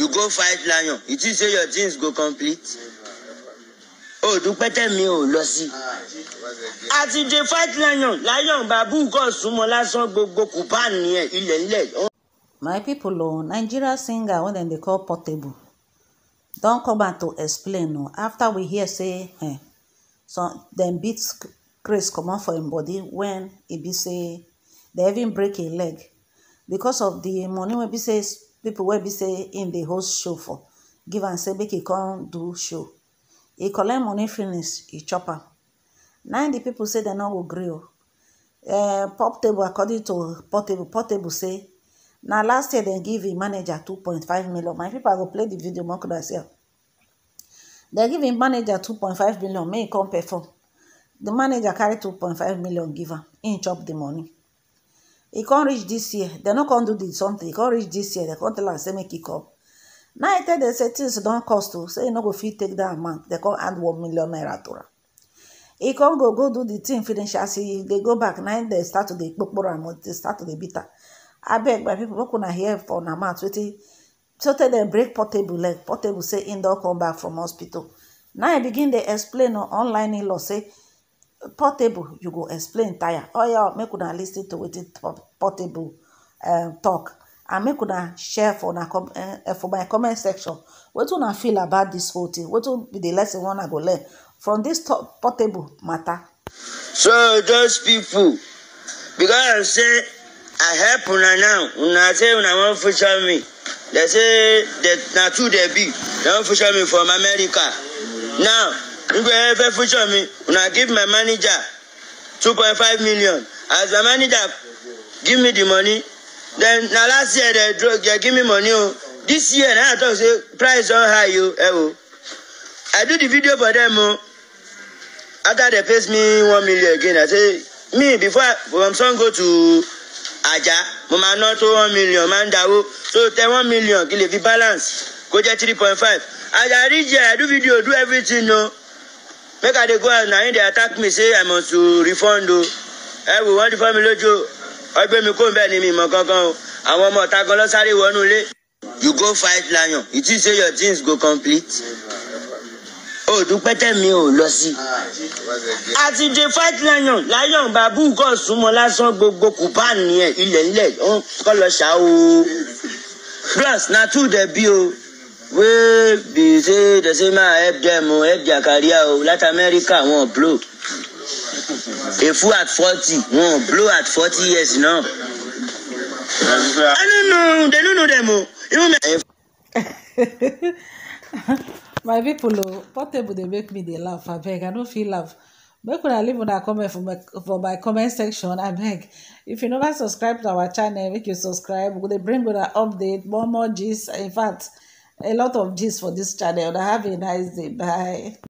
you go fight lion you think say your things go complete òdùpẹ́tẹ́ oh, mi ò lọ sí àti dey fight lion lion babu kan súnmọ́ lásán gbogbo kùbán nìyẹn ilẹ̀ ńlẹ̀. my people o oh, nigeria singer wey dem dey call portable don come out to explain o after we hear say eh, some dem beat Chris comot for im body wen e be say dem even break im leg because of di money wey be say People wey be say im dey host show for give am say make he come do show He collect money finish e chop am na di pipo say they no go gree o eh, portable according to portable portable say na last year dem give im manager five million my people i go play the video more could i see dem give im manager five million make he come perform The manager carry two point five million give am im chop the money e come reach this year dem no come do the something e come reach this year dem come tell am say make e come now e tell dem say things don cost o oh. say e no go fit take dat amount dem come add one million naira to am e come go go do the thing finish as e dey go back now. dem start to dey kpokporo am oh. dey start to dey beat am abeg my pipo make una hear for una mouth wetin so tey dem break portable leg portable say im don come back from hospital now e begin dey explain on oh, online in law say portable you go explain tire oya oh, make una lis ten to wetin portable eh, talk and make una share for una eh, eh, for my comment section wetin una feel about this whole thing wetin be the lesson una go learn from this portable matter. so those people, because I say i help una now una say una wan feature me dem say na two dey be dem wan future me from america now nígbà ẹ fẹ́ fúnṣọ mi una give my manager two point five million as my manager give me the money then na last year they draw they give me money o oh. this year na i talk say price don high o ẹ wo i do the video for them o oh. after they pay me one million again i say me before I, from go to ajah mo máa ná tó one million máa ń dáwó so ten one million kí lè fi balance kó jẹ́ three point five as i reach there i do video do everything o. Oh. No? make i dey go house na him dey attack me say i must refund o ẹ eh, wò wọ́n refund mi lójú o ọgbẹ́ mi kò bẹ́ẹ̀ ni mi mọ̀ kankan o àwọn ọmọ ọ̀tá gan lọ́sàrè wọnú ilé you go fight lion you think say your things go complete o dúpẹ́ tẹ̀mí ò lọ sí. àti the fight lion lion babu nǹkan súnmọ́ lásán gbogbo kùpán nìyẹn ilẹ̀ ilẹ̀ kọ́ lọ ṣá o plus na two dẹ̀ bí o wey be say dem say ma help dem o help their o latin america wọn blow a fool at forty wọn blow at forty years now i no know dem no know dem o even my. people o portable dey make me dey laugh abeg i no fit laugh make una leave una comment for my for my comment section abeg if you never subscribe to our channel make you subscribe we dey bring una update more more gist in fact a lot of gist for this channel. have a nice day. Bye.